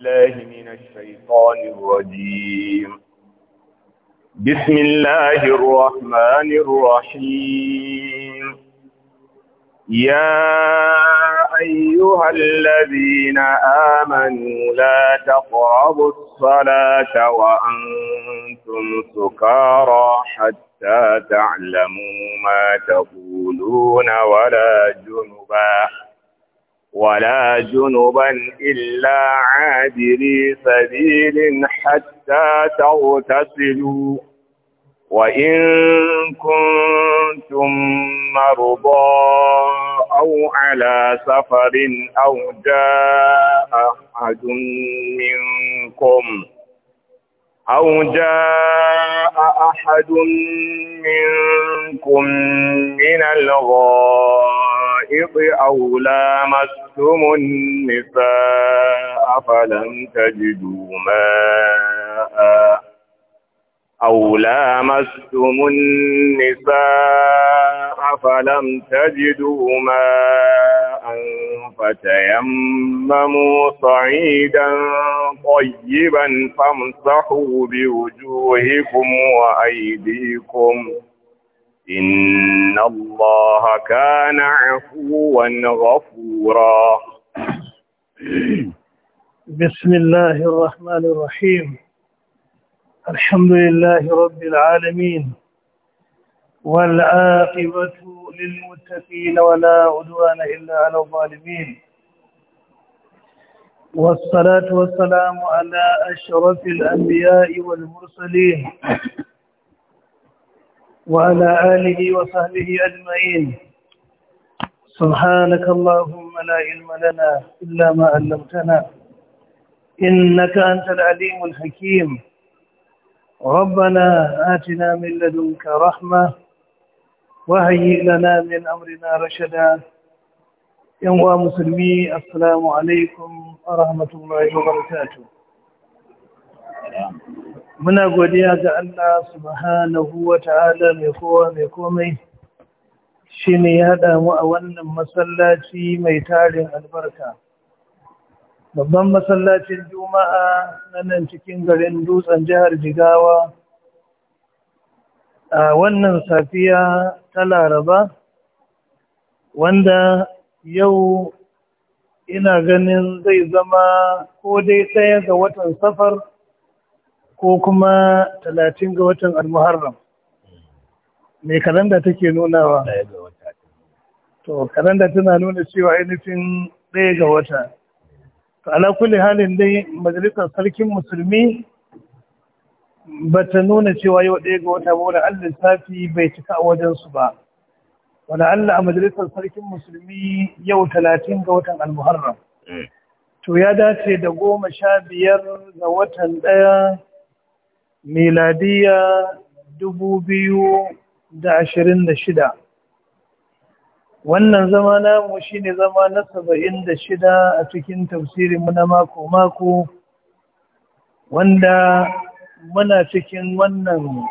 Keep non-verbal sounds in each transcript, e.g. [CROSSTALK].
الله من الشيطان الرجيم بسم الله الرحمن الرحيم يا أيها الذين آمنوا لا تقربوا الصلاة وأنتم سكارى حتى تعلموا ما تقولون ولا جنبا ولا جنبا إلا عابري سبيل حتى تغتسلوا وإن كنتم مرضى أو على سفر أو جاء أحد منكم أو جاء أحد منكم من الغائط أو لامستم النساء فلم تجدوا ماءً أو لامستم النساء فلم تجدوا ماء فتيمموا صعيدا طيبا فامسحوا بوجوهكم وأيديكم إن الله كان عفوا غفورا بسم الله الرحمن الرحيم الحمد لله رب العالمين والعاقبة للمتقين ولا عدوان إلا على الظالمين والصلاة والسلام على أشرف الأنبياء والمرسلين وعلى آله وصحبه أجمعين سبحانك اللهم لا علم لنا إلا ما علمتنا إنك أنت العليم الحكيم ربنا آتنا من لدنك رحمة وهيئ لنا من أمرنا رشدا ينوى مسلمي السلام عليكم ورحمة الله وبركاته muna godiya ga Allah subhanahu wa ta'ala mai kowa mai komai shi ne ya haɗa mu a wannan masallaci mai tarin albarka babban masallacin juma'a na nan cikin garin dutsen jihar jigawa a wannan safiya ta laraba wanda yau ina ganin zai zama ko dai ɗaya ga watan safar ko kuma talatin ga watan almuharram mai kalanda take nunawa to kalanda tana nuna cewa ainihin ɗaya ga wata ala kulli halin dai majalisar sarkin musulmi bata nuna cewa yau ɗaya ga wata wani lissafi bai cika a wajensu ba wani allah a majalisar sarkin musulmi yau talatin ga watan almuharram eh. to ya dace da goma sha biyar ga watan ɗaya miladiya dubu biyu da ashirin da shida wannan zama namu shine zama na saba'in da shida a cikin tafsirinmu na mako-mako wanda muna cikin wannan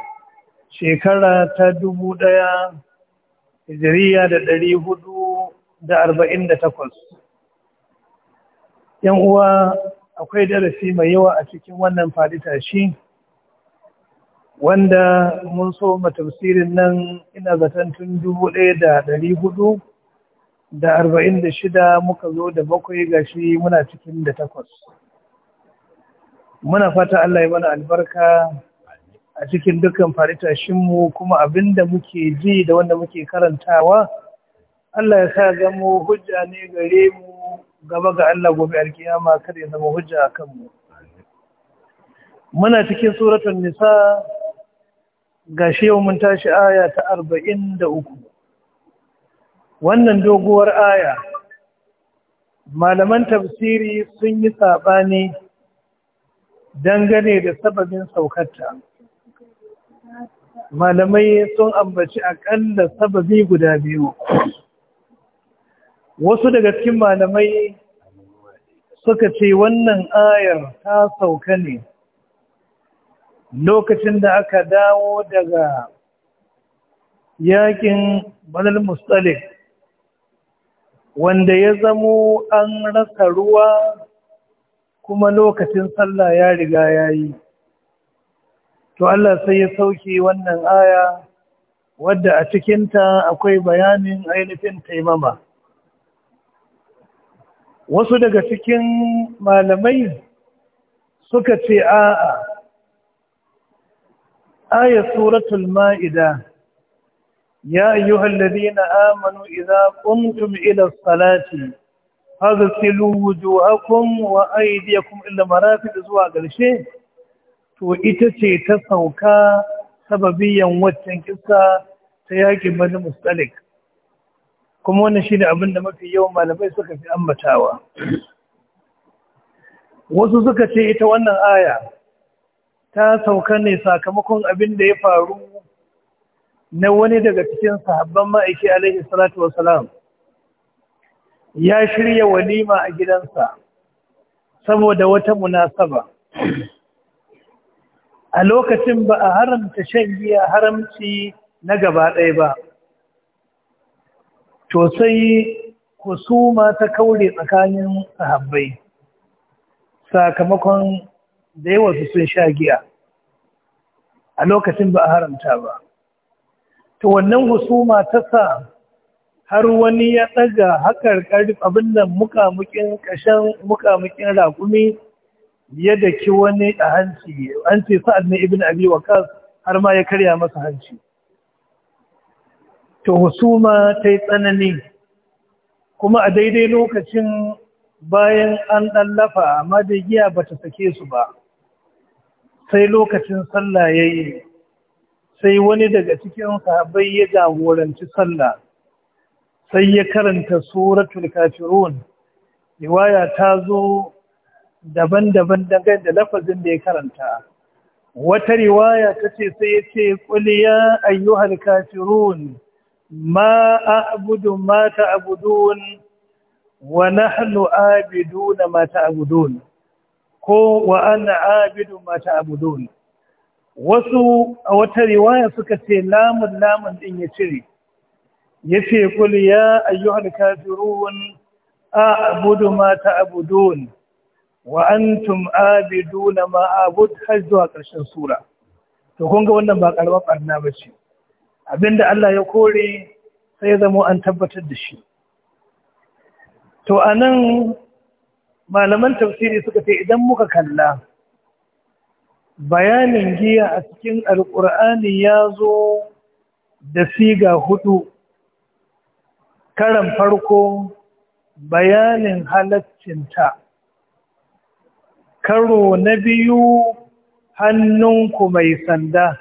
shekara ta dubu ɗaya hijiriya da ɗari hudu da arba'in da takwas yan uwa akwai darasi mai yawa a cikin wannan faɗi tashi wanda mun so tafsirin nan ina zaton tun dubu ɗaya da ɗari hudu da arba'in da shida muka zo da bakwai gashi muna cikin da takwas muna fata Allah ya mana albarka a cikin dukkan faritashinmu kuma abinda muke ji da wanda muke karantawa Allah ya sa zama hujja ne gare mu gaba ga Allah gobe alkiyama kada ya zama hujja a kanmu muna cikin suratun nisa Ga shi yau mun tashi aya ta arba'in da uku. wannan doguwar aya malaman tafsiri sun yi saɓani dangane da sababin saukarta malamai sun ambaci aƙalla sababi guda biyu wasu daga cikin malamai suka ce wannan ayar ta sauka ne lokacin da aka dawo daga yakin banal mustalik wanda ya zamo an rasa ruwa kuma lokacin sallah ya riga ya yi to Allah sai ya sauke wannan aya wadda a cikinta akwai bayanin ainihin taimama wasu daga cikin malamai suka ce a'a آية سورة المائدة يا أيها الذين آمنوا إذا قمتم إلى الصلاة فاغسلوا وجوهكم وأيديكم إلى zuwa زوا قلشي to ita ce ta sauka sababiyan waccan kisa ta yakin bani mustalik kuma wannan shi ne abinda mafi yawan malamai suka fi ammatawa, wasu suka ce ita wannan aya ta sauka ne sakamakon abin da ya faru na wani daga cikin sahabban ma'aiki alaihi salatu wasalam ya shirya walima a gidansa saboda wata munasaba a lokacin ba a haramta shan giya haramci na gaba ɗaya ba to sai kusuma ta kaure tsakanin sahabbai sakamakon da yawansu sun sha giya a lokacin ba a haramta ba to wannan husuma ta sa har wani ya ɗaga hakar ƙarfi abin nan mukamukin ƙashen mukamukin raƙumi ya daki wani a hanci an ce sa'ad ne ibn abi waqas har ma ya karya masa hanci to husuma ta yi tsanani kuma a daidai lokacin bayan an ɗallafa amma da giya ba ta sake su ba sai lokacin sallah ya yi sai wani daga cikin sahabai ya jagoranci sallah sai ya karanta suratul kafirun riwaya ta zo daban-daban dangane da lafazin da ya karanta wata riwaya ta ce sai ya ce ya ayyuhal kafirun ma a'budu ma ta'budun wa nahnu abiduna ma ta'budun ko wa ana abidu ma ta'budun wasu a wata riwaya suka ce lamun lamun din ya cire Ya ce kuli ya ayyuhal kafirun a'budu ma ta'budun wa antum abiduna ma abud har zuwa ƙarshen sura to kun ga wannan ba karamar barna bace abinda Allah ya kore sai ya zama an tabbatar da shi to anan malaman tafsiri suka ce idan muka kalla bayanin giya a cikin alƙur'ani ya zo da siga hudu karan farko bayanin halaccinta karo na biyu hannunku mai sanda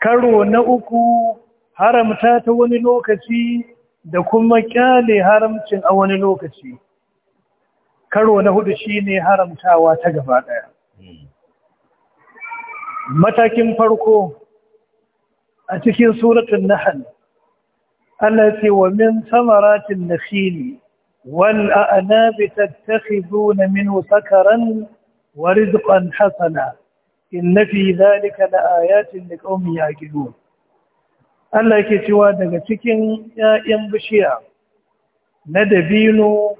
karo na uku haramta ta wani lokaci da kuma kyale haramcin a wani lokaci karo na hudu shine haramtawa ta gaba daya matakin farko a cikin suratul nahl Allah ce wa min samaratin nakhili wal a'nabi tattakhiduna minhu sakaran wa rizqan hasana inna fi dhalika laayatin liqaumin yaqilun Allah yake cewa daga cikin 'ya'yan bishiya na dabino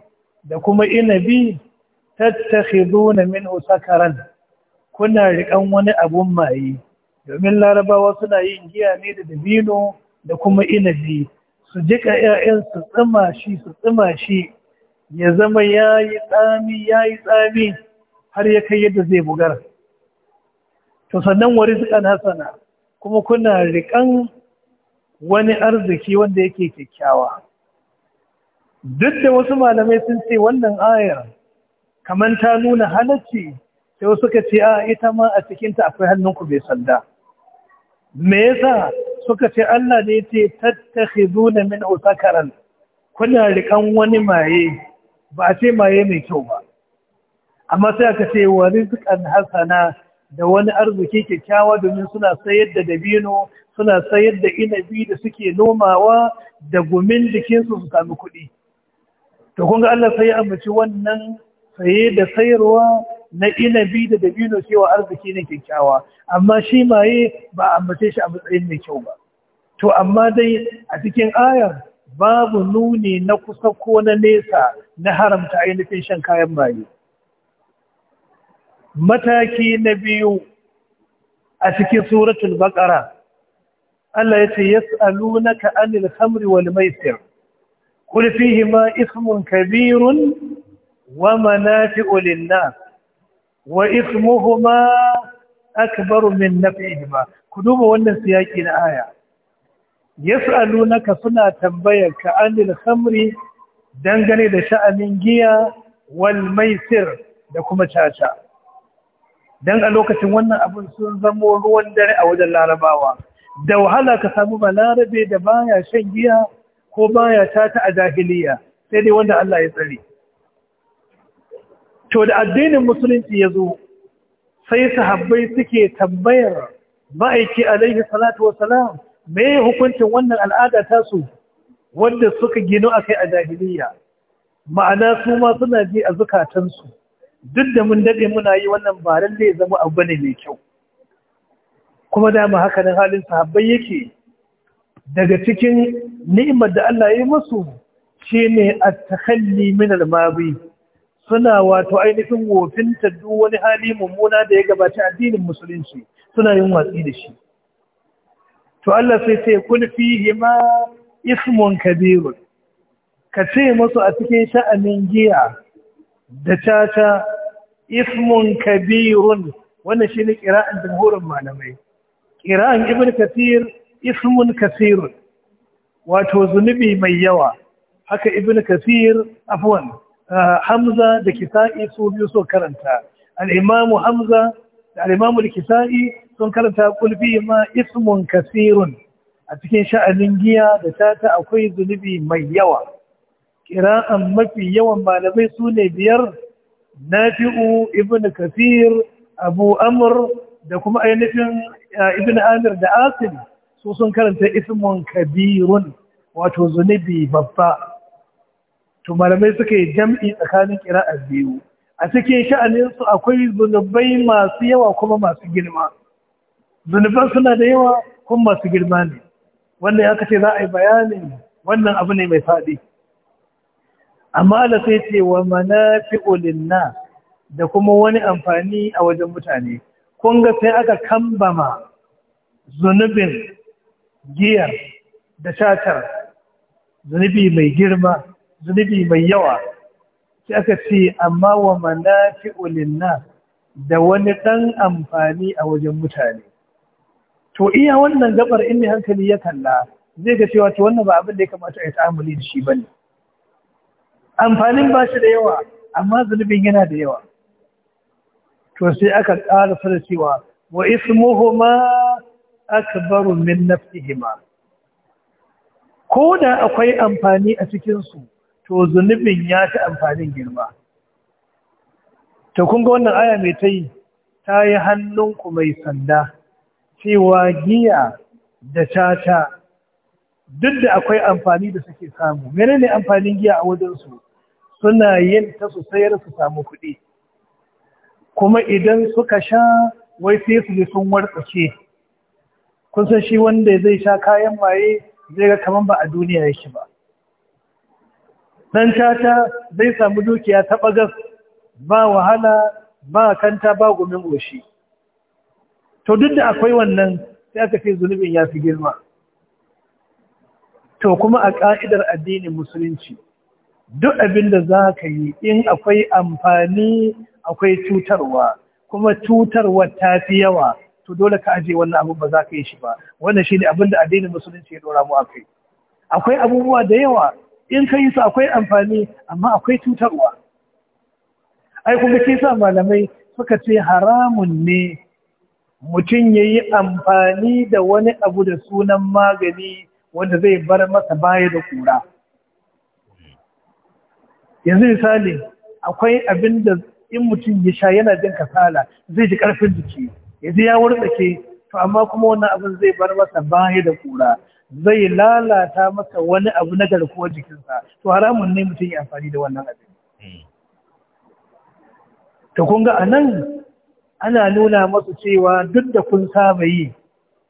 da kuma inabi tattakhizuna minhu sakaran kuna rikan wani abun maye domin larabawa suna yin giya ne da dabino da kuma inabi su jika ƴaƴan su tsima shi su tsima shi ya zama yayi tsami yayi tsami har ya kai yadda zai bugar to sannan wa rizqan hasana kuma kuna rikan wani arziki wanda yake kyakkyawa duk da wasu malamai sun ce wannan ayar kamar ta nuna halacci sai wasu suka ce a ita ma a cikinta akwai hannunku bai sanda me yasa suka ce Allah ne ce tattakhizuna min usakaran kuna rikan wani maye ba a ce maye mai kyau ba amma sai aka ce wa rizqan hasana da wani arziki kyakkyawa domin suna sayar da dabino suna sayar da inabi da suke nomawa da gumin jikinsu su sami kuɗi to kun ga Allah sai ya ambaci wannan saye da sayarwa na inabi da dabino cewa arziki ne kyakkyawa amma shi maye ba ambace shi a matsayin mai kyau ba to amma dai a cikin ayar babu nuni na kusa ko na nesa na haramta ainihin shan kayan maye mataki na biyu a cikin suratul baqara Allah ya ce yas'alunaka anil khamri wal maisir قل فيهما إثم كبير ومنافع للناس وإثمهما أكبر من نفعهما كدوب وانا سياكي الآية يسألونك سنة تنبيك عن الخمر دنجني لشأن جيا والميسر لكم تشاشا dan a lokacin wannan abin sun zamo ruwan dare a wajen larabawa da wahala ka samu balarabe da baya shan giya ko baya ta ta a jahiliya sai dai wanda Allah ya tsare to da addinin musulunci ya zo sai sahabbai suke tambayar ma'aiki alaihi salatu mai me hukuncin wannan al'ada ta su wanda suka gino kai a jahiliya ma'ana su ma suna ji a zukatansu duk da mun dade muna yi wannan ba lalle zama abu ne mai kyau kuma dama haka nan halin sahabbai yake daga cikin ni'imar da Allah ya yi musu shine ne a min minar mabi suna wato ainihin wofin duk wani hali mummuna da ya gabaci addinin musulunci suna yin watsi da shi to Allah sai sai kun yi ma ismun Kabiru. ka ce masu a cikin sha'anin giya da caca ismun kabirun wannan shine kira'an jumhurin malamai kira'an ibn kathir ismun kasir wato zunubi mai yawa haka ibn kasir afwan uh, hamza da kisa'i su biyu su karanta al hamza da al-imamu kisa'i sun karanta kulfi ma ismun kasirun a cikin sha'anin giya da tata akwai zunubi mai yawa kira'an mafi yawan malamai su ne biyar nafi'u ibn kasir abu amr da kuma ainihin uh, ibn amir da asili su sun karanta ismun kabirun wato zunubi babba to malamai suka yi jam'i tsakanin kira'a biyu a cikin sha'anin su akwai zunubai masu yawa kuma masu girma zunuban suna da yawa kuma masu girma ne wannan aka ce za a yi bayanin wannan abu ne mai faɗi amma da sai ce wa manafi'ulin na da kuma wani amfani a wajen mutane kun ga sai aka kambama zunubin giyar da shatar zunubi mai girma zunubi mai yawa sai aka ce amma wa manafi'u ulinna da wani ɗan amfani a wajen mutane to iya wannan gabar in mai hankali ya kalla zai ga cewa to wannan ba abin da ya kamata a yi ta'amuli da shi ne. amfanin ba shi da yawa amma zunubin yana da yawa to sai aka ƙara da cewa wa ismuhuma akbaru min nafsihima ko da akwai amfani a cikin su to zunubin ya ta amfanin girma to kun ga wannan aya mai ta yi ta yi hannunku mai sanda cewa giya da tata. duk da akwai amfani da suke samu menene ne amfanin giya a wajen su suna yin ta su sayar su samu kuɗi kuma idan suka sha wai sai su sun wartsake kun san shi wanda zai sha kayan maye zai ga kaman ba a duniya yake ba dan tata zai samu dukiya ta bagas ba wahala ba kanta ba gumin goshi to duk da akwai wannan sai aka ce zunubin ya fi girma to kuma a ka'idar addinin musulunci duk abin da za ka yi in akwai amfani akwai cutarwa kuma cutarwa ta fi yawa to dole ka aje wannan abin ba za ka yi shi ba wannan shi ne abin da addinin musulunci ya dora mu kai. akwai abubuwa da yawa in ka yi su akwai amfani amma akwai cutarwa ai kuma ke sa malamai suka ce haramun ne mutum ya yi amfani da wani abu da sunan magani wanda zai bar masa baya da kura yanzu misali akwai abin da in mutum ya sha yana jin kasala zai ji karfin jiki yanzu ya wartsake to amma kuma wannan abin zai bar masa baya da kura zai lalata masa wani abu na garkuwar jikinsa to haramun ne mutum ya amfani da wannan abin hmm. to kun ga anan ana nuna masu cewa duk da kun saba yi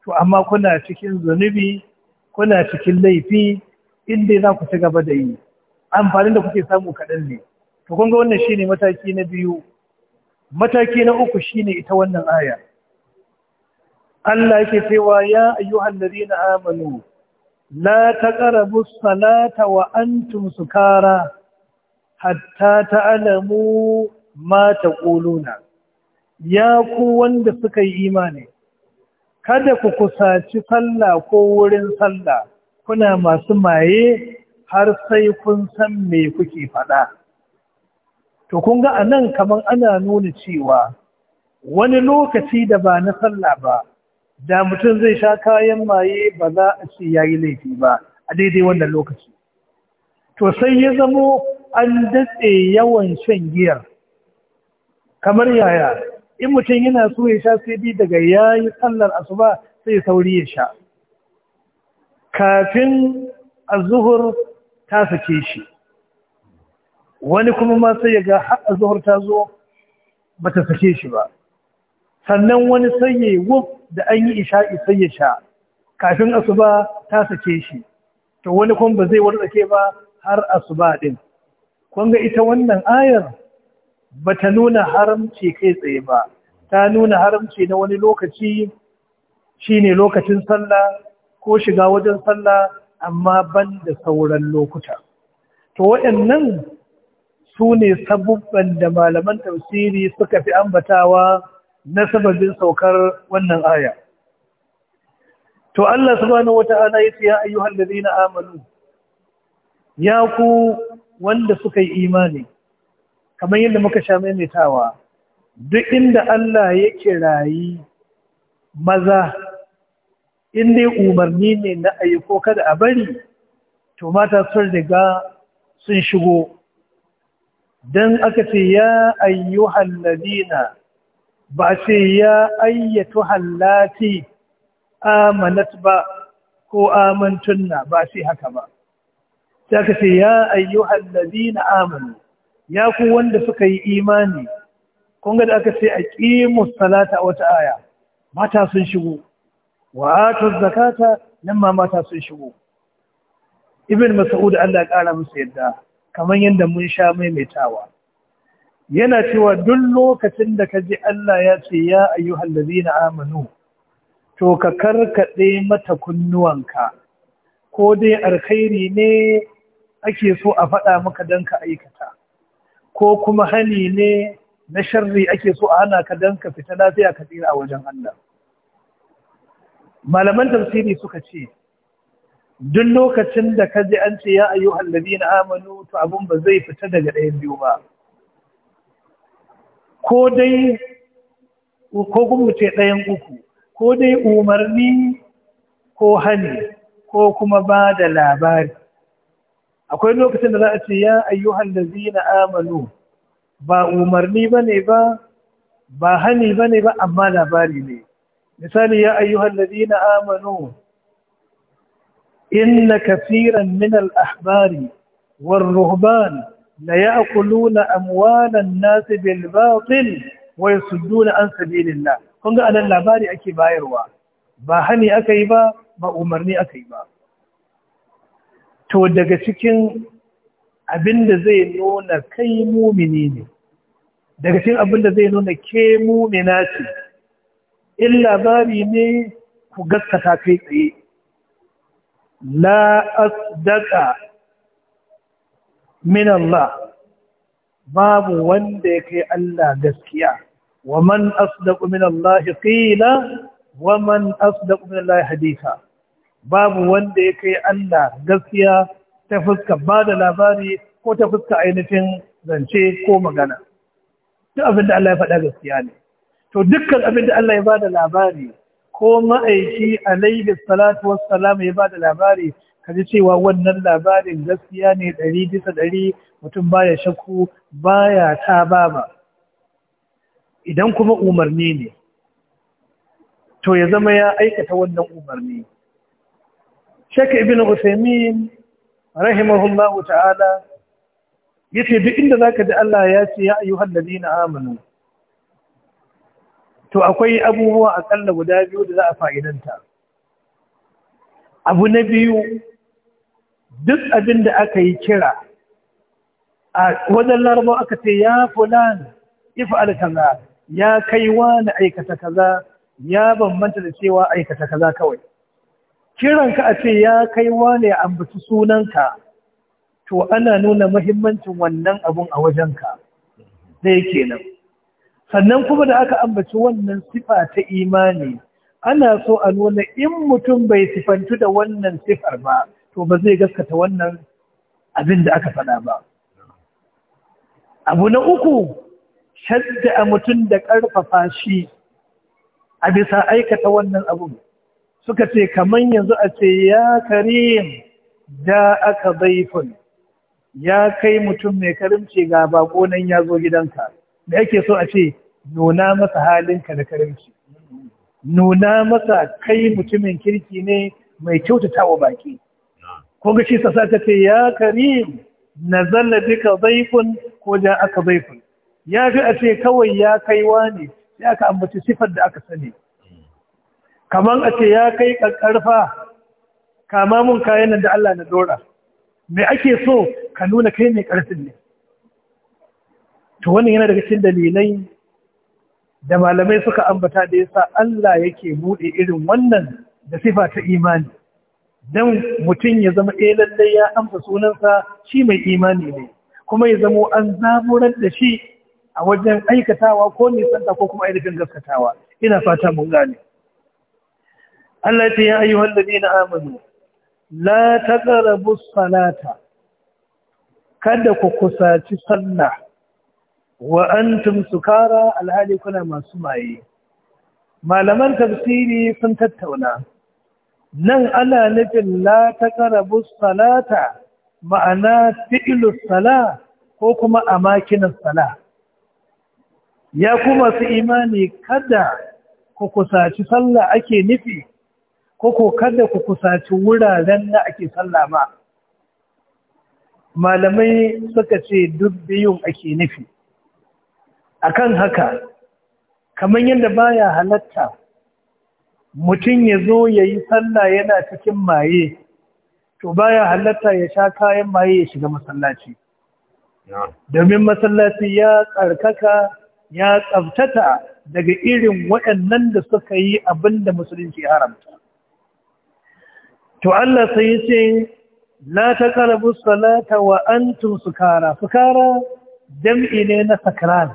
to amma kuna cikin zunubi kuna cikin laifi inda za ku ci gaba da yi amfanin da kuke samu kaɗan ne to kun ga wannan shine mataki na biyu mataki na uku shine ita wannan aya Allah yake cewa ya ayyuhan ladina amanu la taqrabu salata wa antum sukara hatta ta'lamu ma taquluna ya ku wanda suka yi imani kada ku kusaci sallah ko wurin sallah kuna masu maye har sai kun san me kuke faɗa to kun ga anan kaman ana nuna cewa wani lokaci da ba na sallah ba da mutum zai sha kayan maye ba za a ce ya yi laifi ba a daidai wannan lokaci to sai ya zamo an datse yawan shan giyar kamar yaya in mutum yana so ya sha sai bi daga ya yi sallar asuba sai sauri ya sha kafin azuhur ta sake shi wani kuma ma sai ya ga har ta zo ba ta sake shi ba sannan wani sanye wuf da an yi isha'i sai sha kafin asuba ta sake shi to wani kuma ba zai wartsake ba har asuba din kun ga ita wannan ayar ba ta nuna haramci kai tsaye ba ta nuna haramci na wani lokaci shine lokacin sallah ko shiga wajen sallah amma ban da sauran lokuta to waɗannan su ne sabubban da malaman tausiri suka fi ambatawa na sababin saukar wannan aya to Allah subhanahu wata'ala ya ce ya ayyuhal ladina amanu ya ku wanda suka yi imani kamar yadda muka sha maimaitawa duk inda Allah ya kirayi maza inda umarni ne na ayyuko kada a bari to mata sun riga sun shigo don aka ce ya ayyuhal ladina ba ce ya ayyatu hallati amanat ba ko amantunna ba ce haka ba ta ka ce ya ayyuhal ladina amanu ya ku wanda suka yi imani kun ga da aka ce aqimu salata wata aya mata sun shigo wa atu zakata nan ma mata sun shigo ibn mas'ud Allah ya kara musu yadda kamar yadda mun sha maimaitawa yana cewa duk lokacin da ka ji Allah ya ce ya ayyuhal ladina amanu to ka karkade mata kunnuwanka ko dai alkhairi ne ake so a faɗa maka don ka aikata ko kuma hani ne na sharri ake so a hana ka don ka fita lafiya ka tsira a wajen Allah malaman tafsiri suka ce duk lokacin da ka ji an ce ya ayyuhal ladina amanu to abun ba zai fita daga ɗayan biyu ba ko dai ko kuma ce ɗayan uku ko dai umarni ko hani ko kuma ba da labari akwai lokacin da za a ce ya ayyuhan da zina amalu ba umarni ba ne ba ba hani ba ne ba amma labari ne misali ya ayyuhan da zina amalu inna kafiran minal ahbari wal ruhbani la ya'kuluna amwalan nas bil batil wa yasudduna an sabilillah kun ga anan labari ake bayarwa ba hani akai ba ba umarni akai ba to daga cikin abinda zai nuna kai mumini ne daga cikin abinda zai nuna ke mumina ce in labari ne ku gaskata kai tsaye la asdaka min Allah babu wanda ya kai Allah gaskiya wa man asdaqu min Allah qila wa man asdaqu min Allah haditha babu wanda ya kai Allah gaskiya ta fuska ba da labari ko ta fuska ainihin zance ko magana duk abinda Allah ya faɗa gaskiya ne to dukkan abin da Allah ya bada labari ko ma'aiki alaihi salatu wassalam ya ba da labari ka ji cewa wannan labarin gaskiya ne ɗari bisa ɗari mutum baya shakku baya ta baba idan kuma umarni ne to ya zama ya aikata wannan umarni shaka ibn usaimin rahimahullahu ta'ala yace duk inda zaka ji Allah ya ce ya ayyuhal ladina amanu to akwai abubuwa akalla guda biyu da za a fa'idanta abu na biyu duk abin da aka yi kira a wajen laraba aka ce ya fulan if'al kaza ya kai na aikata kaza ya bambanta da cewa aikata kaza kawai kiranka a ce ya kai wani ya ambaci sunanka to ana nuna mahimmancin wannan abun a wajenka zai kenan sannan kuma da aka ambaci wannan sifa ta imani ana so a nuna in mutum bai sifantu da wannan sifar ba to ba zai gaskata wannan abin da aka faɗa ba abu na uku shadda a mutum da ƙarfafa shi a bisa aikata wannan abu suka ce kamar yanzu a ce ya karim da aka zaifin ya kai mutum mai karimci ga bako ya zo gidanka da yake so a ce nuna masa halinka da karimci nuna masa kai mutumin kirki ne mai kyautata wa baƙi. kunga shi sassa ta ce ya karim na zalla duka zaifun ko ja aka zaifin ya fi a ce kawai ya kaiwa ne ya aka ambaci sifar da aka sani kamar a ce ya kai ƙarƙarfa kama mun kayan nan da Allah na dora me ake so ka nuna kai mai ƙarfin ne to wannan yana daga cikin dalilai da malamai suka ambata da yasa Allah yake bude irin wannan da sifa ta imani don mutum ya zama ɗaya eh, lallai ya amsa sunansa shi mai imani ne kuma ya zamo an zaburar da shi a wajen aikatawa ko nisanta ko kuma ainihin gaskatawa ina fata mun gane Allah ta ya ne na amini la taqrabu salata kada ku kusaci sallah wa antum sukara alhali kuna masu maye malaman tafsiri sun tattauna nan ana nufin la taqrabu salata ma'ana fi'ilus sala ko kuma makinan sala ya kuma su imani kada ku kusaci sallah ake nufi ko ko kada ku kusaci wuraren da ake sallah ma malamai suka ce duk biyun ake nufi akan haka kamar yadda baya halatta mutum ya zo ya yi sallah yana cikin maye to baya halatta ya sha kayan maye ya shiga masallaci domin masallaci ya karkaka ya tsabtata daga irin waɗannan da suka yi abin da musulunci haramta to Allah sai ya ce la taqrabu salata wa antum sukara sukara jam'i ne na sakran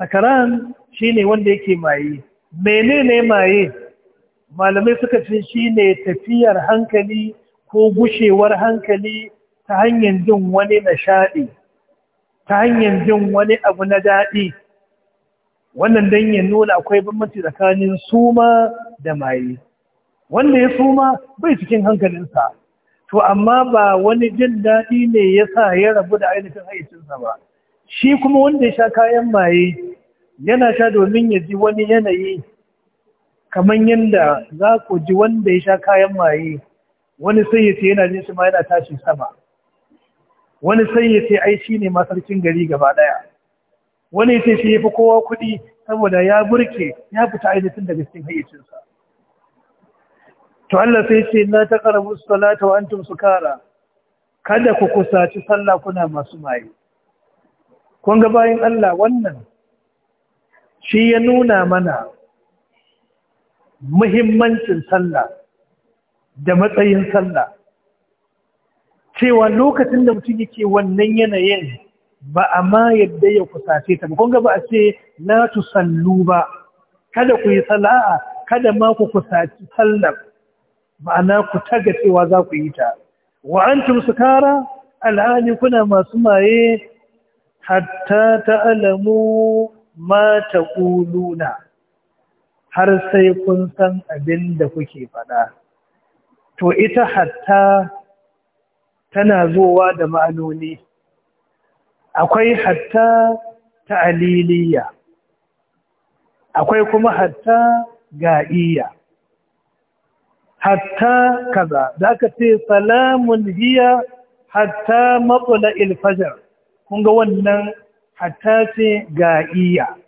sakran shine wanda yake maye menene maye malamai suka ce ne tafiyar hankali ko gushewar hankali ta hanyar jin wani nishaɗi ta hanyar jin wani abu na daɗi wannan don ya nuna akwai bambanci tsakanin suma da maye wanda ya suma bai cikin hankalinsa to amma ba wani jin daɗi ne ya sa ya rabu da ainihin haicinsa ba shi kuma wanda ya sha kayan maye yana sha domin ya ji wani yanayi kamar yadda za ku ji wanda ya sha kayan maye wani sai ya ce yana jin shi ma yana tashi sama wani sai ya ce ai shi ne masarkin gari gaba ɗaya wani ya shi ya fi kowa kuɗi saboda ya burke ya fita ainihin daga cikin hayyacinsa to Allah sai ce na ta karabu salata wa antum sukara kada ku kusaci sallah kuna masu maye kun ga bayan Allah wannan shi ya nuna mana muhimmancin sallah da matsayin sallah cewa lokacin da mutum yake wannan yanayin ba a ma yadda ya kusace ta ba ba a ce na tu sallu ba kada ku yi sala'a kada ma ku kusaci sallar ma'ana ku taga cewa za ku yi ta wa antum sukara alhali kuna masu maye hatta alamu ma ƙuluna har sai kun san abin da kuke faɗa. To ita hatta tana zowa da ma'anoni, akwai hatta aliliya akwai kuma hatta ga'iya, hatta kaza, za ka ce salamun hiya hatta matsala ilfajar, kun ga wannan hatta ce ga'iya.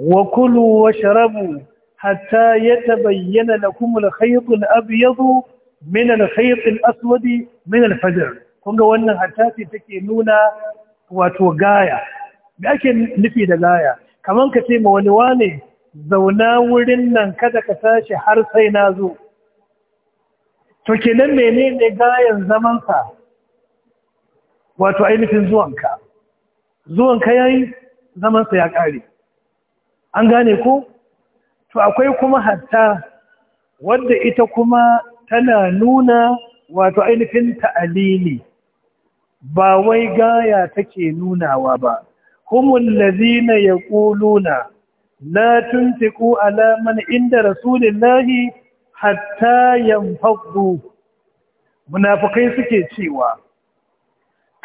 وكلوا واشربوا حتى يتبين لكم الخيط الأبيض من الخيط الأسود من الفجر kunga wannan hatta take nuna wato gaya me ake nufi da gaya kaman ka ce ma wani wane zauna wurin nan kada ka tashi har sai na zo to kenan menene gayan zamansa wato ainihin zuwanka zuwanka yayi zamansa ya kare an gane ko to akwai kuma hatta wadda ita kuma tana nuna wato ainihin ta'alili ba wai gaya take nunawa ba humul ladina yaquluna la tunfiqu ala man inda rasulillahi hatta yanfaddu munafikai suke cewa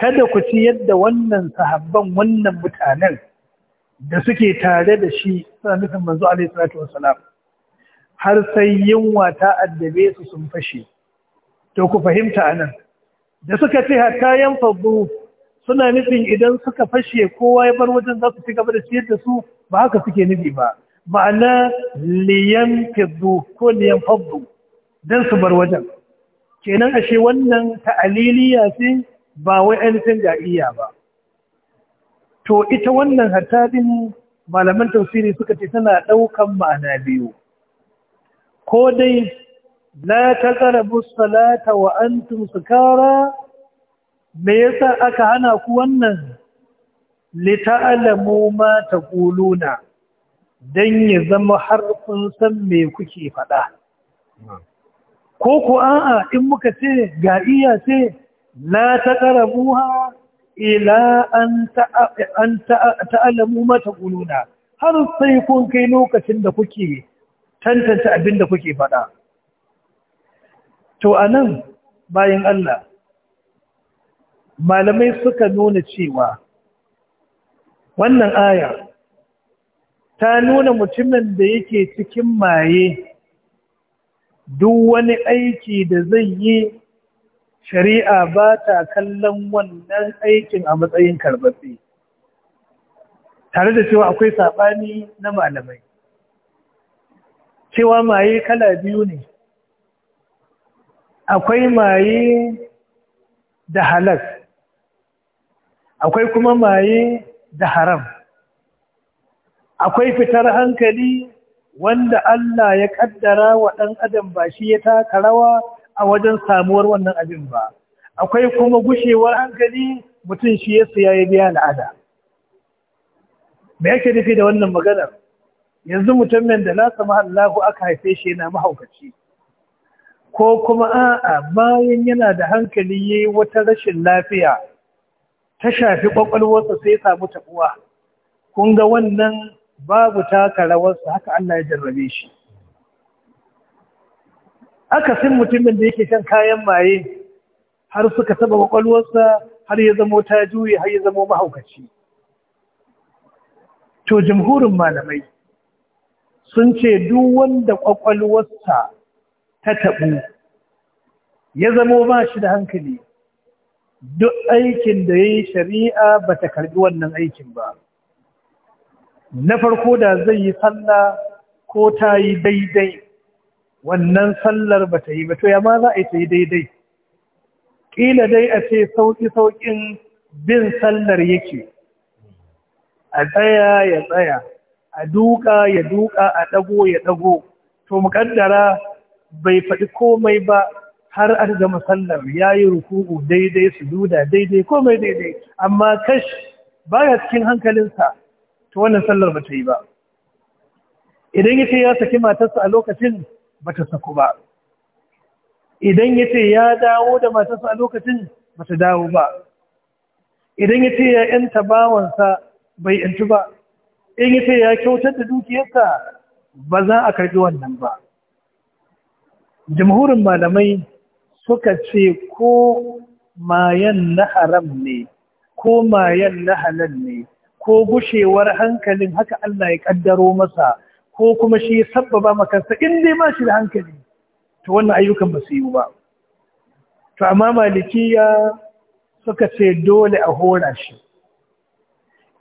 kada ku ci yadda wannan sahabban wannan mutanen da suke tare da shi suna nufin manzo alaihi salatu wassalam har sai yunwa ta addabe su sun fashe to ku fahimta anan da suka ce hatta yan fadu suna nufin idan suka fashe kowa ya bar wajen za su ci gaba da ciyar da su ba haka suke nufi ba ma'ana liyan fadu ko liyan fadu dan su bar wajen kenan ashe wannan ta'aliliya ce ba wai ainihin iya ba to ita wannan hatadin malaman tafsiri suka ce tana ɗaukan ma'ana biyu ko dai la taqrabu salata wa su sukara me yasa aka hana ku wannan lita'lamu ma ta na, don ya zama har kun san me kuke faɗa ko ku a'a in muka ce ga iya ce la taqrabuha ila an ta'alamu mata guluna har sai kun kai lokacin da kuke tantance abin da kuke faɗa. To a bayan Allah, malamai suka nuna cewa wannan aya ta nuna mutumin da yake cikin maye duk wani aiki da zai yi shari'a ba ta kallon wannan aikin a matsayin karbatsi tare da cewa akwai saɓani na malamai cewa maye kala biyu ne akwai maye da halas akwai kuma maye da haram akwai fitar hankali wanda Allah ya kaddara wa ɗan adam ba shi ya taka rawa a wajen samuwar wannan abin ba akwai kuma gushewar hankali mutum shi ya siya ya biya al'ada me yake nufi da wannan maganar yanzu mutumin da la sama Allahu aka haife shi yana mahaukaci ko kuma a'a bayan yana da hankali yayi wata rashin lafiya ta shafi kwakwalwarsa sai ya samu tabuwa kun ga wannan babu taka rawarsa haka Allah ya jarrabe shi akasin mutumin da yake kan kayan maye har suka taba kwakwalwarsa har ya zamo ta juye har ya zamo mahaukaci to jamhurin malamai sun ce duk wanda kwakwalwarsa ta taɓu ya zamo ba shi da hankali duk aikin da ya yi shari'a ba ta karɓi wannan aikin ba na farko da zai yi sallah ko ta yi daidai wannan sallar ba ta yi ba to ya ma za a yi yi daidai ƙila dai a ce sauƙi-sauƙin bin sallar yake a tsaya ya tsaya a duka ya duka a ɗago ya ɗago to muƙaddara bai faɗi komai ba har an gama sallar ya yi ruku'u daidai su duda daidai komai daidai amma kash baya cikin hankalinsa to wannan sallar ba ta yi ba idan yake ya saki matarsa a lokacin bata saku ba idan ya ce ya dawo da matasa a lokacin bata dawo ba idan ya ce ya yanta bawansa bai yantu ba in ya ce ya kyautar da dukiyarsa ba za a karɓi wannan ba jamhurin malamai suka ce ko mayan na haram ne ko mayan na halal ne ko gushewar hankalin haka Allah ya ƙaddaro masa ko kuma shi ya sabbaba makansa inda dai ma shi da hankali ta wannan ayyukan ba su yi ba to amma malikiya suka ce dole a hora shi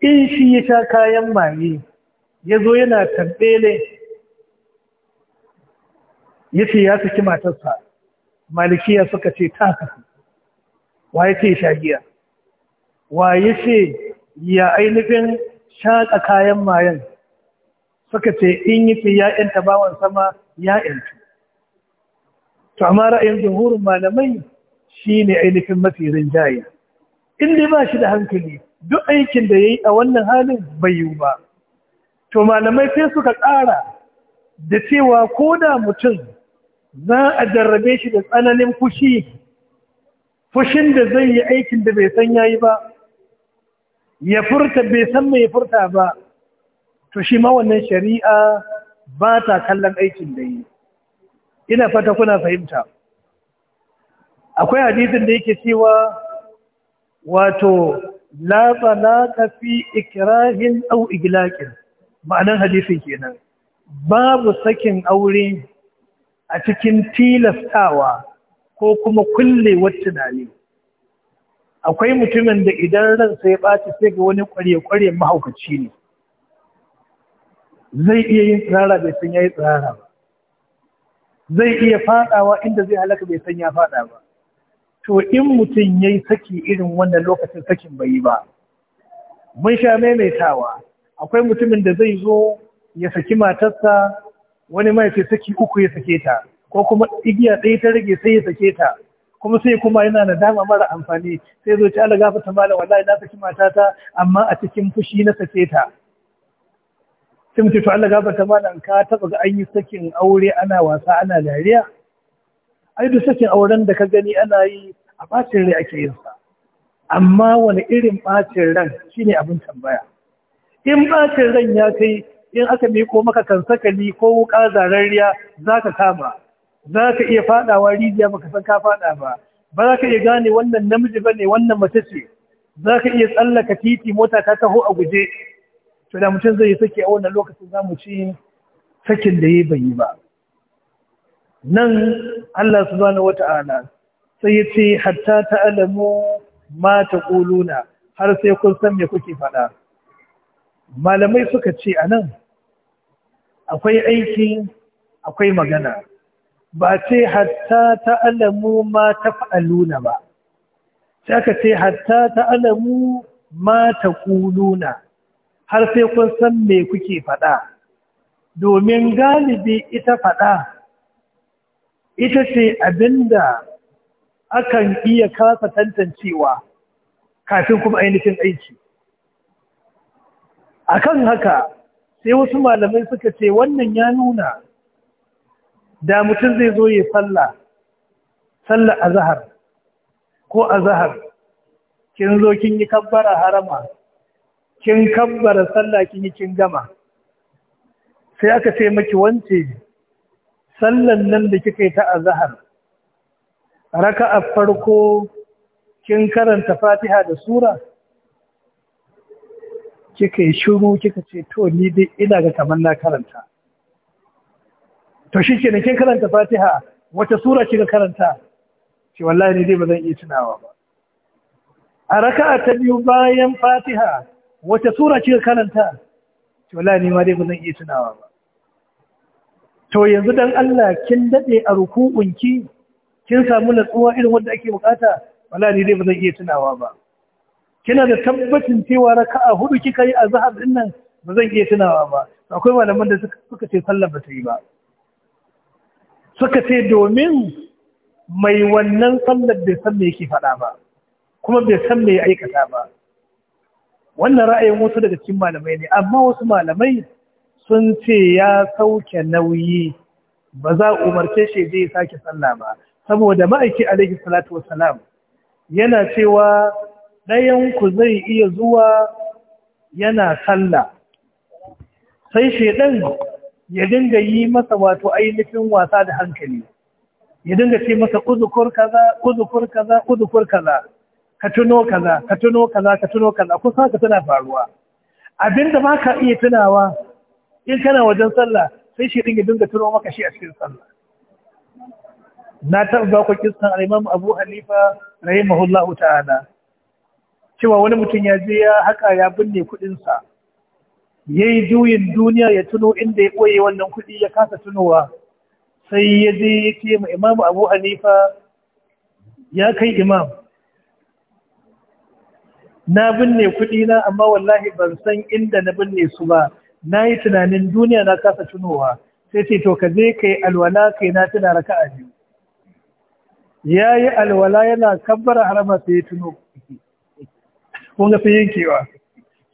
in shi ya sha kayan maye ya zo yana tambele ya ce ya saki matarsa malikiya suka ce ta kasu waye ce shagiya ya ce ya ainihin shaƙa kayan mayan suka ce in yi ce ya ‘yanta bawan sama ya ‘yantu. To, amma ra'ayin zuhurin malamai shi ne ainihin mafi rinjaye. In dai ba shi da hankali, duk aikin da ya yi a wannan halin bai yiwu ba. To, malamai sai suka ƙara da cewa ko da mutum za a jarrabe shi da tsananin fushi, fushin da zai yi aikin da bai san ya yi ba, ya furta bai san mai furta ba, to shi ma wannan shari'a ba ta kallon aikin da yi ina fata kuna fahimta akwai hadisin da yake cewa wato la talaqa fi ikrahin aw iglaqin ma'anan hadisin kenan babu sakin aure a cikin tilastawa ko kuma kulle tunani akwai mutumin da idan ransa ya ɓaci sai ga wani ƙwarye-ƙwarye mahaukaci ne zai iya yin tsirara bai san ya yi tsirara ba zai iya fadawa inda zai halaka bai san ya fada ba to in mutum ya yi saki irin wannan lokacin sakin bai yi ba mun sha maimaitawa akwai mutumin da zai zo ya saki matarsa wani ma ce saki uku ya sake ta ko kuma igiya ɗaya ta rage sai ya sake ta kuma sai kuma yana da dama mara amfani sai zo ci ala gafa ta malam wallahi na saki matata amma a cikin fushi na sake ta sai mu ce to Allah gafarta malam ka taba ga an yi sakin aure ana wasa ana dariya ai duk sakin auren da ka gani ana yi a bacin rai ake yin sa amma wani irin bacin ran shine abin tambaya in bacin ran ya kai in aka miko maka kan sakali ko wuka zararriya zaka kama zaka iya fadawa rijiya baka san ka fada ba ba za ka iya gane wannan namiji ba ne wannan mace ce za ka iya tsallaka titi mota ta taho a guje to da mutum zai yi saki a wannan lokacin za mu ci sakin da ya bai yi ba nan Allah subhanahu wata'ala sai ya ce hatta alamu ma taquluna har sai kun san me kuke faɗa malamai suka ce a nan? akwai aiki akwai magana ba ce hatta ta'lamu ma fa’aluna ba sai aka ce hatta alamu ma taquluna har sai kun san me kuke faɗa domin galibi ita faɗa ita ce abinda akan iya kasa tantancewa kafin kuma ainihin aiki akan haka sai wasu malamai suka ce wannan ya nuna da mutum zai zo ya sallah a azhar ko azhar kin zo kin yi kabbara harama kin kabbara sallah kin yi kin gama sai aka ce maki wance sallan nan da kika yi ta azhar raka'a farko kin karanta Fatiha da sura kika yi shiru kika ce to ni dai ina ga kamar na karanta to shi shikenan kin karanta Fatiha wata sura kika karanta ce wallahi ni dai ba zan iya tunawa ba a raka'a ta biyu bayan Fatiha wata sura kika karanta to wala ni ma dai ba iya tunawa ba to yanzu don Allah kin daɗe a ki, kin samu natsuwa irin wanda ake bukata wala ni dai ba iya tunawa ba kina da tabbacin cewa raka'a hudu kika yi a zahar din nan ba zan iya tunawa ba akwai malaman da suka ce sallah ba ta yi ba suka ce domin mai wannan sallar bai san me yake faɗa ba kuma bai san me ya aikata ba wannan ra'ayin wasu daga cikin malamai ne amma wasu malamai sun ce ya sauke nauyi ba za a umarce shi je ya sake sallah ba saboda ma'aiki alaihi salatu salam, yana cewa ɗayan ku zai iya zuwa yana sallah sai shedan ya dinga yi masa wato ainihin wasa da hankali ya dinga ce masa uzukur kaza uzukur kaza kaza ka tuno kaza ka tuno kaza ka tuno kaza kusa ka tana faruwa abinda ba ka iya tunawa in kana wajen sallah sai shi dinga dinga tuno maka shi a cikin sallah na taɓa ba ku kissan al-Imam Abu Hanifa rahimahullahu ta'ala cewa wani mutum ya je ya haka ya binne kuɗinsa sa yayi juyin duniya ya tuno inda ya ɓoye wannan kuɗi ya kasa tunowa sai ya je ya ce ma imam abu hanifa ya kai imam na binne kuɗi na amma wallahi ban san inda na binne su ba na yi tunanin duniya na kasa tunowa sai ce to ka je ka yi alwala kai na tuna a biyu ya yi alwala yana kabbar harama sai ya tuno kun ga sai yankewa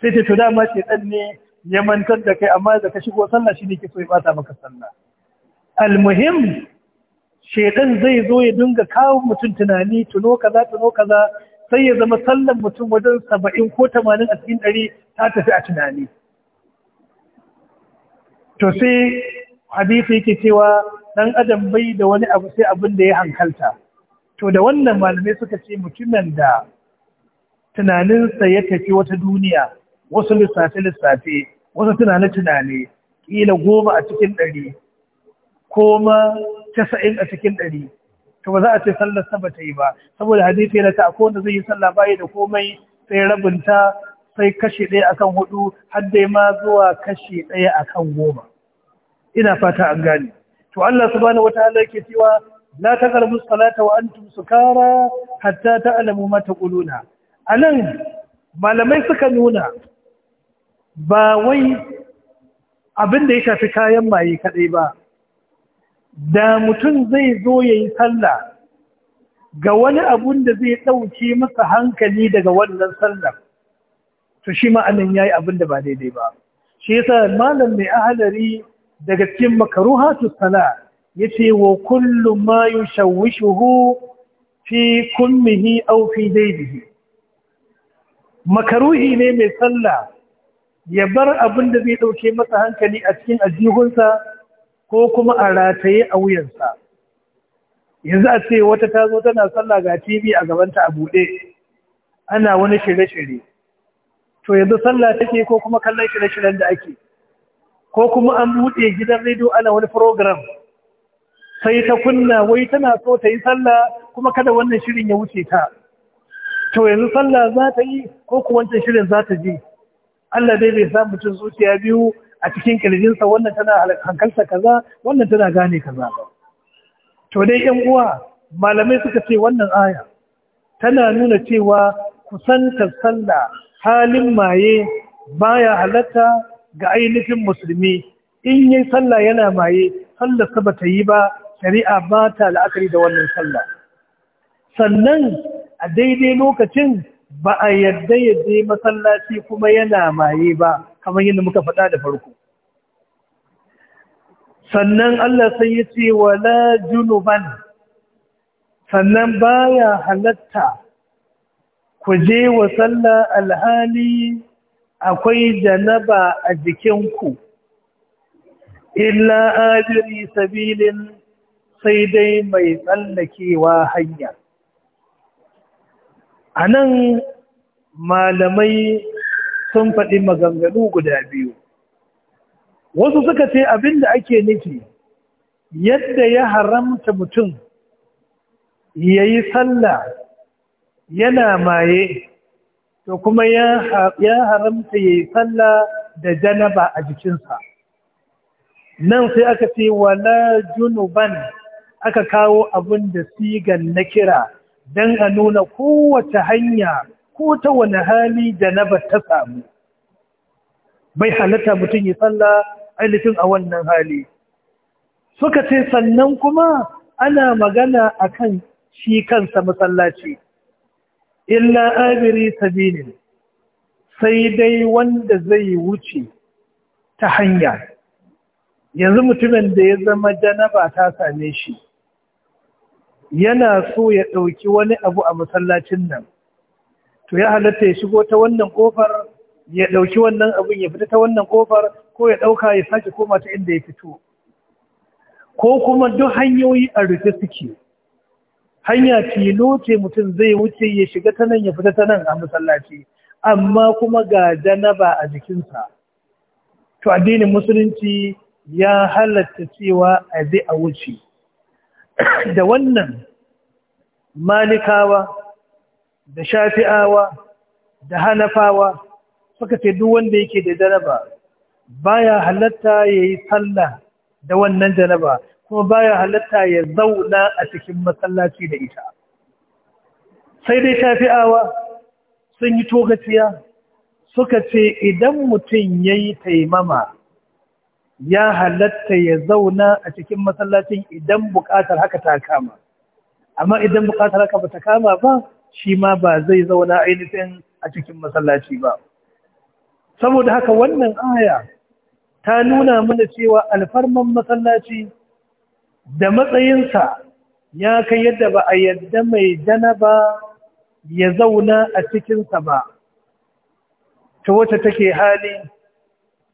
sai ce to dama ce dan ne ya mantar da kai amma da ka shigo sallah shine ke so ya bata maka sallah almuhim shedan zai zo ya dinga kawo mutum tunani tuno kaza tuno kaza sai ya zama sallan mutum wajen saba'in ko tamanin a cikin ɗari ta tafi a tunani to sai hadisi yake cewa ɗan adam bai da wani abu sai abin da ya hankalta to da wannan malamai suka ce mutumin da tunaninsa ya tafi wata duniya wasu lissafe-lissafe wasu tunane-tunane ƙila goma a cikin ɗari ko ma casa'in a cikin ɗari to ba za a ce sallar ba bata yi ba saboda hadisi yana ta ko wanda zai yi sallah bai da komai sai rabunta, sai kashi ɗaya akan hudu har dai ma zuwa kashi ɗaya akan goma ina fata an gane to Allah subhanahu wataala yake cewa la taqrabu salata wa antum sukara hatta ta'lamu ma taquluna anan malamai suka nuna ba wai abin da ya shafi kayan maye kadai ba da mutum zai zo ya yi sallah ga wani abun da zai ɗauke masa hankali daga wannan sallah to shi ma'anin ya yi abin da ba daidai ba shi yasa malam mai ahalari daga cikin hatu sana ya ce wa kullum ma yi shawishuhu fi kunmihi au fi daidihi makaruhi ne mai sallah ya bar abin da zai ɗauke masa hankali a cikin ajihunsa ko kuma a rataye a wuyansa yanzu a ce wata ta zo tana sallah ga tv a gabanta a buɗe ana wani shirye-shirye to yanzu sallah take ko kuma kallon shirye-shiryen da ake ko kuma an buɗe gidan rediyo ana wani program sai ta kunna wai tana so ta yi sallah kuma kada wannan shirin ya wuce ta to yanzu sallah za ta yi ko kuwa shirin za ta je Allah dai bai sa mutum zuciya biyu a cikin kirjinsa wannan tana hankalsa kaza wannan tana gane kaza to dai yan uwa malamai suka ce wannan aya tana nuna cewa kusantar sallah halin maye baya halatta ga ainihin musulmi in yi sallah yana maye sallar ba ta yi ba shari'a ba ta la'akari da wannan sallah sannan a daidai lokacin ba a yadda yadda masallaci kuma yana maye ba kamar yadda muka faɗa da farko sannan Allah sai ya ce wala junuban sannan baya halatta ku je wa sallah alhali akwai janaba a jikinku illa ajiri sabilin sai dai mai tsallakewa hanya a nan malamai sun faɗi maganganu guda biyu wasu suka ce abin da ake nufi yadda ya haramta mutum ya yi sallah yana maye to kuma ya haramta ya yi sallah da janaba a jikinsa nan sai aka ce wala junuban aka kawo abin da sigan na kira don a nuna kowace hanya ko ta wani hali da ba ta samu bai halatta mutum ya tsalla ainihin a wannan hali suka ce sannan kuma ana magana a kan shi kansa masallaci illa abiri sabinin sai dai wanda zai wuce ta hanya yanzu mutumin da ya zama janaba ta same shi yana so ya ɗauki wani abu a masallacin nan to ya halatta ya shigo ta wannan kofar ya ɗauki wannan abin ya fita ta wannan kofar ko ya ɗauka ya sake koma ta inda ya fito ko kuma duk hanyoyi a rufe suke hanya tilo ce mutum zai wuce ya shiga ta nan ya fita ta nan a masallaci amma kuma ga janaba a jikinsa to addinin musulunci ya halatta cewa a zai a wuce [COUGHS] da wannan malikawa da shafi'awa da hanafawa suka ce duk wanda yake da janaba baya halatta yayi sallah da wannan janaba kuma baya halatta ya zauna a cikin masallaci da ita sai dai shafi'awa sun yi togaciya suka ce idan mutum yayi taimama ya halatta ya zauna a cikin masallacin idan bukatar haka ta kama amma idan bukatar haka ba ta kama ba shi ma ba zai zauna ainihin a cikin masallaci ba saboda haka wannan aya ta nuna mana cewa alfarman masallaci da matsayinsa ya kai yadda ba a yadda mai dana ba ya zauna a cikinsa ba ta wacce take hali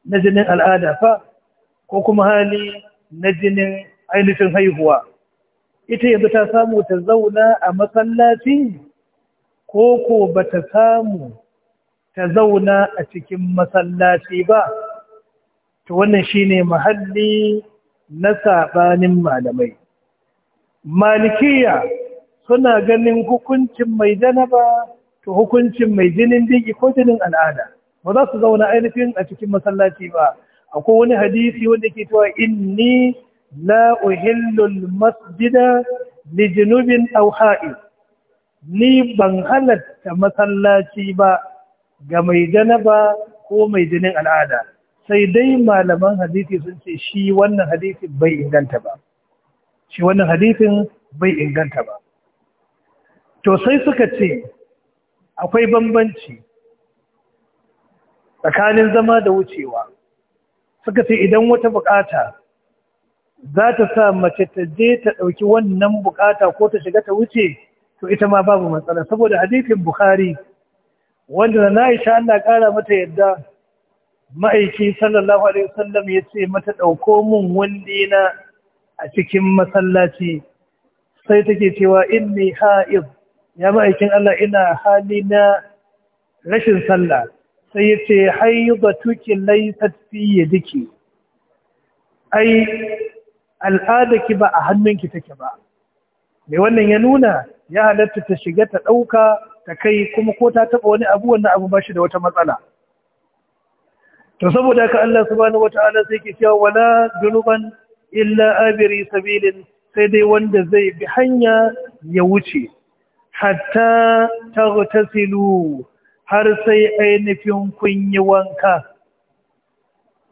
na jinin al'ada fa ko kuma hali na jinin ainihin haihuwa ita yanzu ta samu ta zauna a masallaci ko ko ba ta samu ta zauna a cikin masallaci ba ta wannan shi ne mahalli na saɓanin malamai malikiya suna ganin hukuncin mai janaba ta hukuncin mai jinin digi ko jinin al'ada ba za su zauna ainihin a cikin masallaci ba akwai wani hadisi wanda ke cewa inni ni masjida li junubin aw ni ban halatta masallaci ba ga mai janaba ko mai jinin al'ada sai dai malaman hadisi sun ce shi wannan hadisin bai inganta ba shi wannan hadisin bai inganta ba to sai suka ce akwai bambanci tsakanin zama da wucewa suka ce idan wata bukata za ta sa mace ta je ta ɗauki wannan bukata ko ta shiga ta wuce to ita ma babu matsala saboda hadisin bukhari wanda na Aisha Allah kara mata yadda ma'aiki sallallahu alaihi wasallam ya ce mata dauko mun na a cikin masallaci sai take cewa inni ha'id ya ma'aikin Allah ina hali na rashin sallah sai ya ce haidatuki laysat fi yadiki ai al'adaki ba a hannunki take ba me wannan ya nuna ya halatta ta shiga ta ɗauka ta kai kuma ko ta taɓa wani abu wannan abu ba shi da wata matsala Ta saboda ka Allah subhanahu wata'ala sai ke cewa wala junuban illa abiri sabilin sai dai wanda zai bi hanya ya wuce hatta taghtasilu har sai ainihin kun yi wanka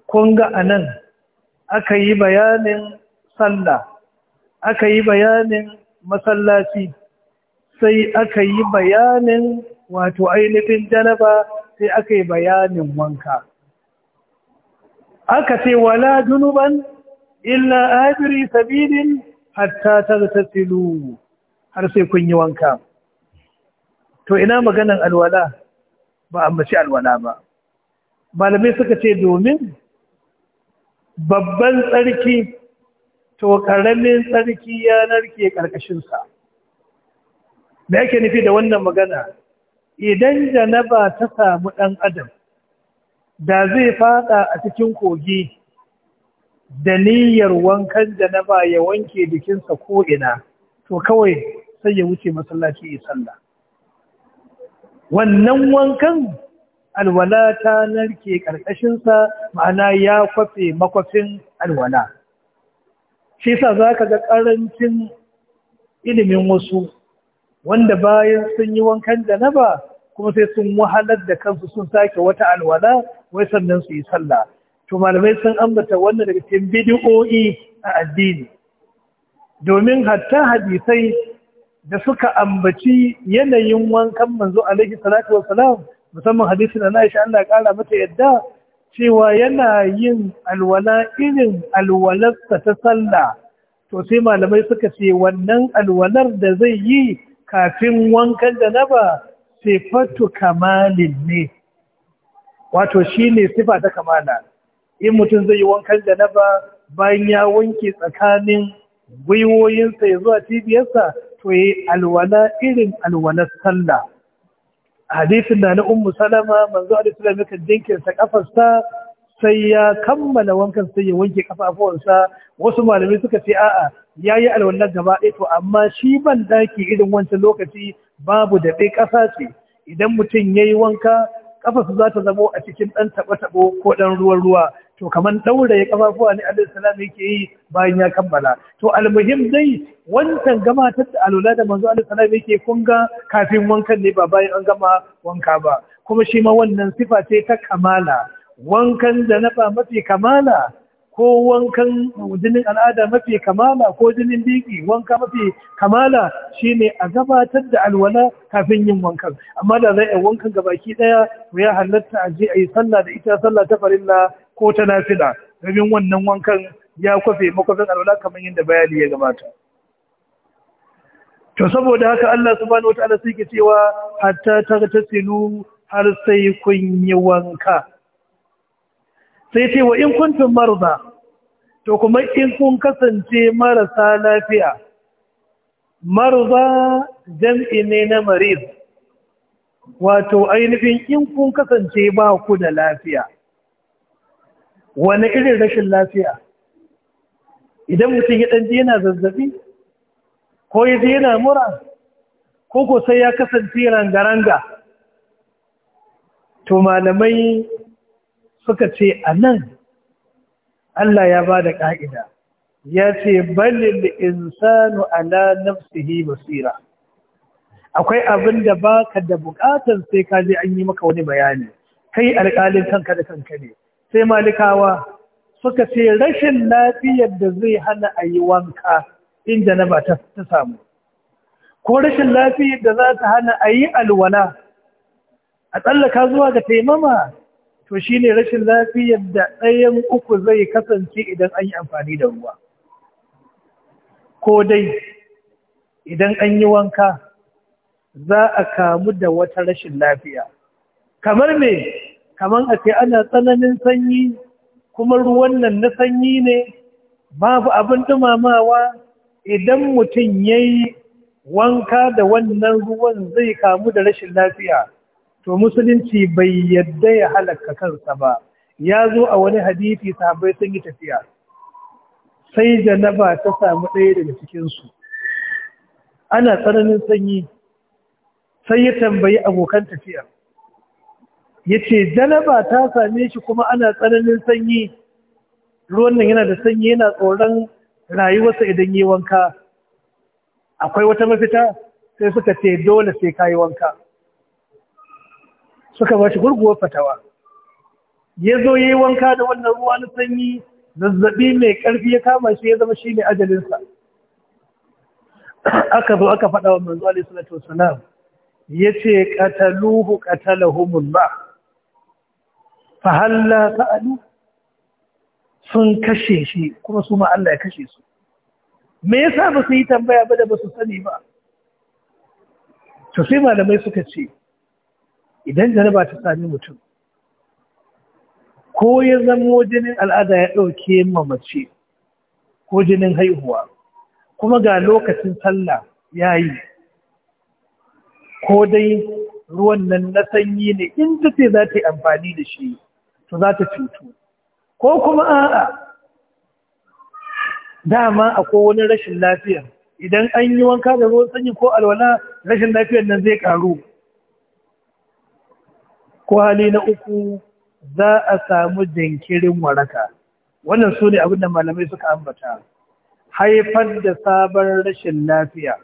kun ga anan aka yi bayanin sallah aka yi bayanin masallaci sai aka yi bayanin wato ainihin janaba sai aka yi bayanin wanka aka ce wala junuban illa abiri sabidin hatta tartasilu har sai kun yi wanka to ina maganan alwala ba ambaci alwala ba malamai suka ce domin babban tsarki to ƙaramin tsarki ya narke ƙarƙashinsa. me yake nufi da wannan magana idan janaba ta samu ɗan adam da zai fada a cikin kogi da niyyar wankan janaba ya wanke jikinsa ko'ina to kawai sai ya wuce masallaci ya sallah wannan wankan alwala ta narke ƙarƙashinsa ma'ana ya kwafe makwafin alwala shi sa za ka ga ƙarancin ilimin wasu wanda bayan sun yi wankan janaba kuma sai sun wahalar da kansu sun sake wata alwala wai sannan su yi sallah to malamai sun ambata wannan daga cikin bid'o'i a addini domin hatta hadisai da suka ambaci yanayin wankan manzo alaihi salatu Salam, musamman hadisi na Aisha Allah ya kara mata yadda cewa yana yin alwala irin alwalarsa ta sallah to sai malamai suka ce wannan alwalar da zai yi kafin wankan da na ba, sifatu kamalin ne wato shi ne sifa ta kamala in mutum zai yi wankan da na ba bayan ya wanke tsakanin gwiwoyinsa ya zuwa cibiyarsa to yi alwala irin alwalar sallah hadisin na na ummu salama manzo alaihi salam yakan jinkirta kafarsa sai ya kammala wankan sai ya wanke kafafuwansa wasu malamai suka ce a'a ya yi alwallar gaba ɗaya to amma shi ban daki irin wancan lokaci babu da ɗaya ƙasa ce idan mutum ya yi wanka ƙafasu za ta zamo a cikin ɗan taɓo-taɓo ko ɗan ruwan-ruwa to kamar ɗaura ɗauraye ƙafafuwa ne alayhi salam yake yi bayan ya kammala to almuhim dai wancan gamatar da alwala da manzo alayhi salam yake kun ga kafin wankan ne ba bayan an gama wanka ba kuma shi ma wannan sifa ce ta kamala wankan da na ba mafi kamala ko wankan jinin al'ada mafi kamala ko jinin biki wanka mafi kamala shine a gabatar da alwala kafin yin wankan amma da zai yi wankan gabaki daya mu ya halatta a je a yi sallah da ita sallah ta farilla ko ta nafila domin wannan wankan ya kwafe makwafin alwala kamar yadda bayani ya gabata to saboda haka Allah subhanahu wataala sai ke cewa hatta tagtasilu har sai kun yi wanka sai ce wa in kuntun marza to kuma in kun kasance marasa lafiya marza jam'i ne na marid wato ainihin in kun kasance ba ku da lafiya wani irin rashin lafiya idan mutum ya ɗanji yana zazzabi ko yi zai yana mura ko ko sai ya kasance ranga-ranga to malamai suka ce a nan Allah ya ba da ƙa'ida ya ce balil insanu ala nafsihi basira akwai abin da ba ka da buƙatar sai ka je an yi maka wani bayani kai alƙalin kanka da kanka ne sai malikawa suka ce rashin lafiyar da zai hana a yi wanka inda na ba ta samu ko rashin lafiyar da za ta hana a yi alwala a tsallaka zuwa ga taimama to shi ne rashin lafiyar da ɗayan uku zai kasance idan an yi amfani da ruwa ko dai idan an yi wanka za a kamu da wata rashin lafiya kamar me kamar a ce ana tsananin sanyi kuma ruwan nan na sanyi ne babu abin dumamawa idan mutum ya yi wanka da wannan ruwan zai kamu da rashin lafiya to musulunci bai yadda ya halakka kansa ba ya zo a wani hadisi sahabbai sun yi tafiya sai janaba ta samu ɗaya daga cikinsu ana tsananin sanyi sai ya tambayi abokan tafiyar ya ce janaba ta same shi kuma ana tsananin sanyi ruwan nan yana da sanyi yana tsoron rayuwarsa idan yi wanka akwai wata mafita sai suka ce dole sai ka yi wanka suka ba shi gurguwar fatawa ya zo ya yi wanka da wannan ruwa na sanyi zazzabi mai ƙarfi ya kama shi ya zama shi ne ajalinsa aka zo aka faɗa wa manzo alaihi salatu wasalam ya ce qataluhu ba.' fa halla sa'alu sun kashe shi kuma su ma Allah ya kashe su me yasa ba su yi tambaya ba da ba su sani ba to sai malamai suka ce idan jaraba ta sami mutum ko ya zamo jinin al'ada ya ɗauke mamace ko jinin haihuwa kuma ga lokacin sallah ya yi ko dai ruwan nan na sanyi ne in ta ce za ta yi amfani da shi to za ta cutu ko kuma a'a dama akwai wani rashin lafiya idan an yi wanka da ruwan sanyi ko alwala rashin lafiyar nan zai karu ko hali na uku za a samu jinkirin waraka wannan su ne abinda malamai suka ambata haifar da sabon rashin lafiya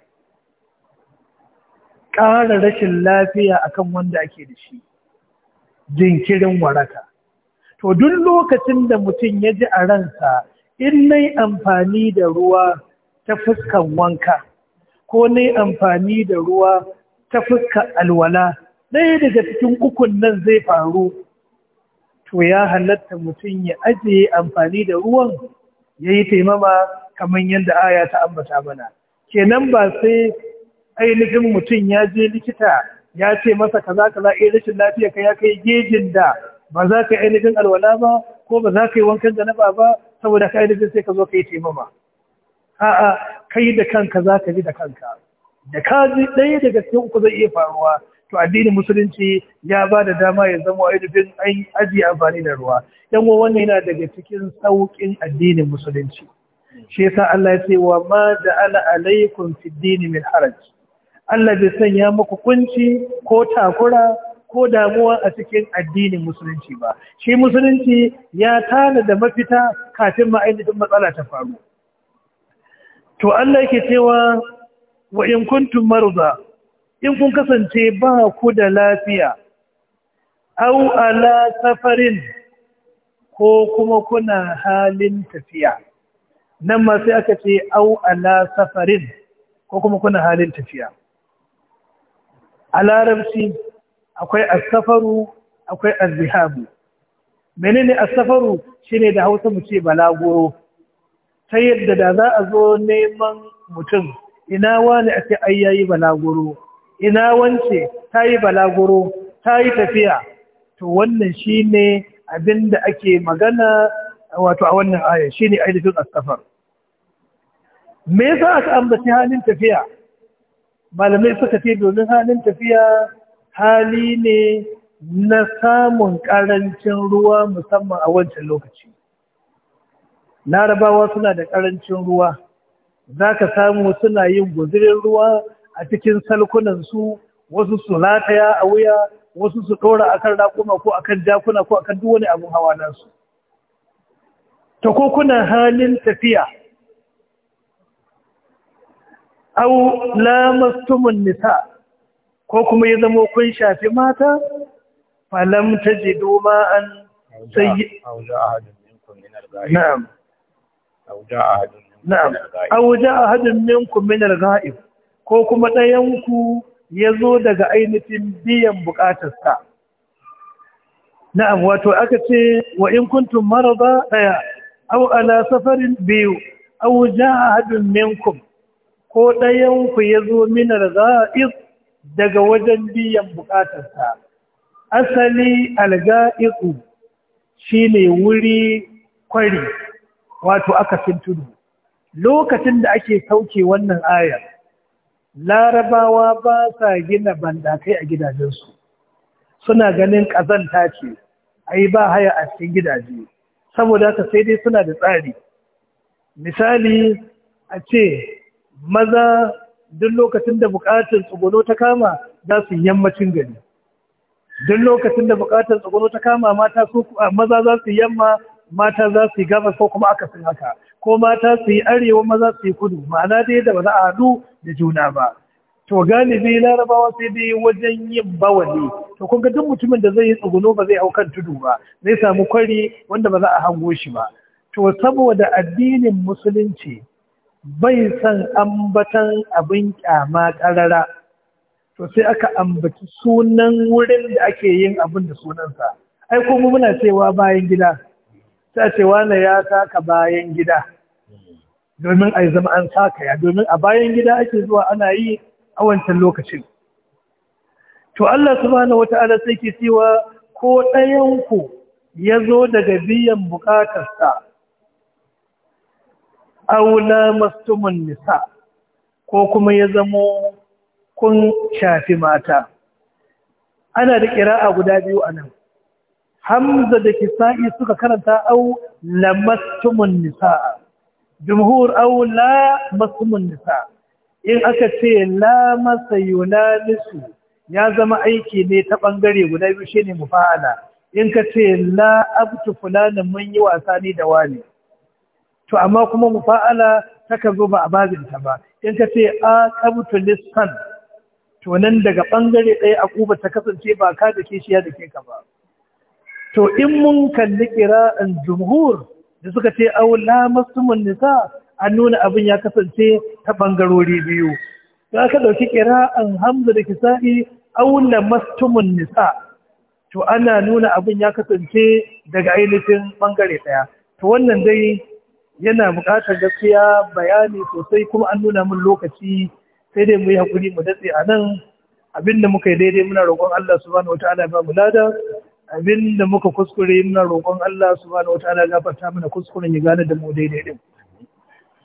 ƙara rashin lafiya akan wanda ake da shi jinkirin waraka to duk lokacin da mutum ya ji a ransa in yi amfani da ruwa ta fuskan wanka ko yi amfani da ruwa ta fuskan alwala ɗaya daga cikin ukun nan zai faru to ya halatta mutum ya ajiye amfani da ruwan ya yi taimama kamar yadda aya ta ambata mana kenan ba sai ainihin mutum ya je likita ya ce masa kaza kaza za'a eh, rashin lafiya ka ya kai gejin da ba za ka ainihin alwala ba ko ba za ka yi wankan ba ba saboda ka ainihin sai ka zo ka yi taimama a'a kai da kanka za ka ji da kanka da ka ji ɗaya daga cikin uku zai iya faruwa to addinin musulunci ya ba da dama ya zama ainihin an ajiye amfani da ruwa yan wa wannan yana daga cikin sauƙin addinin musulunci shi yasa Allah ya ce wa ma da ala alaikum fiddini dini min haraj Allah bai sanya muku kunci ko takura ko damuwa a cikin addinin musulunci ba shi musulunci ya tana da mafita kafin ainihin matsala ta faru to Allah yake cewa wa in kuntum marza in kun kasance ba ku da lafiya au ala safarin ko kuma kuna halin tafiya nan ma sai aka ce au ala safarin ko kuma kuna halin tafiya a larabci akwai asafaru akwai azzihabu menene asafaru ne da hausa mu ce balaguro ta yadda da za a zo neman mutum ina wani ake ayyayi balagoro ina wance ta yi balaguro ta yi tafiya to wannan shi ne abin da ake magana wato a wannan aya shi ne ainihin askafar. me a ka ambaci halin tafiya malamai suka ce domin halin tafiya hali ne na samun ƙarancin ruwa musamman a wancan lokaci larabawa suna da ƙarancin ruwa za ka samu suna yin guzirin ruwa a cikin salkunan su wasu su lataya a wuya wasu su ɗora akan rakuma ko akan jakuna ko akan duk wani abin hawa nasu ta ko kuna halin tafiya au lamastumun nisa ko kuma ya zama kun shafi mata falam tajidu an sayyi na'am auja ahadun minkum min al-ghaib ko kuma ɗayanku ya zo daga ainihin biyan buƙatarsa na'am wato aka ce wa in kuntum maraba ɗaya au ala safarin biyu aw jaa haɗin minkum ko ɗayanku ya zo minar za'is daga wajen biyan buƙatarsa asali alga'iku ne wuri kwari wato aka fin tudu lokacin da ake sauke wannan ayar larabawa ba sa gina bandakai a gidajensu suna ganin ƙazanta ce a yi ba haya a cikin gidaje saboda haka sai dai suna da tsari misali a ce maza duk lokacin da buƙatar tsugono ta kama za su yammacin gari duk lokacin da buƙatar tsugono ta kama mata maza za su yamma mata za su yi gabas ko kuma akasin haka ko mata su yi arewa maza su yi kudu ma'ana dai da ba za a haɗu da juna ba to galibi larabawa sai dai wajen yin bawali to kun ga duk mutumin da zai yi tsuguno ba zai hau kan tudu ba zai samu kwari wanda ba za a hango shi ba to saboda addinin musulunci bai san ambatan abin kyama karara to sai aka ambaci sunan wurin da ake yin abin da sunansa ai kuma muna cewa bayan gida ta ce wane ya saka bayan gida domin a yi zama an saka ya domin a bayan gida ake zuwa ana yi a wancan lokacin to Allah subhanahu wata'ala sai ke cewa ko ɗayan ku ya zo daga biyan bukatarsa auna mastumun nisa ko kuma ya zamo kun shafi mata ana da ƙira'a guda biyu a nan hamza da kisa'i suka karanta au lamastumun nisa'a jumhur au la masumun nisa'a in aka ce la masa yunanisu ya zama aiki ne ta ɓangare guda biyu shine mufa'ala in ka ce la abtu fulanin mun yi wasa ni da wani to amma kuma mufa'ala takan zo ba a bazinta ba in ka ce a kabtu lissan to nan daga ɓangare ɗaya a kuba ta kasance ba ka da kishiya da ke ka ba to in mun kalli kira'an jumhur da suka ce aula masumun nisa an nuna abin ya kasance ta bangarori biyu za ka ɗauki kira'an hamza da kisa'i aula masumun nisa to ana nuna abin ya kasance daga ainihin bangare ɗaya to wannan dai yana buƙatar gaskiya bayani sosai kuma an nuna min lokaci sai dai mu yi hakuri mu datse anan. nan abinda muka yi daidai muna roƙon Allah subhanahu wataala ba mu lada Abin da muka kuskure na roƙon Allah subhanahu wataala ya gafarta mana kuskuren ya gane da mu daidai din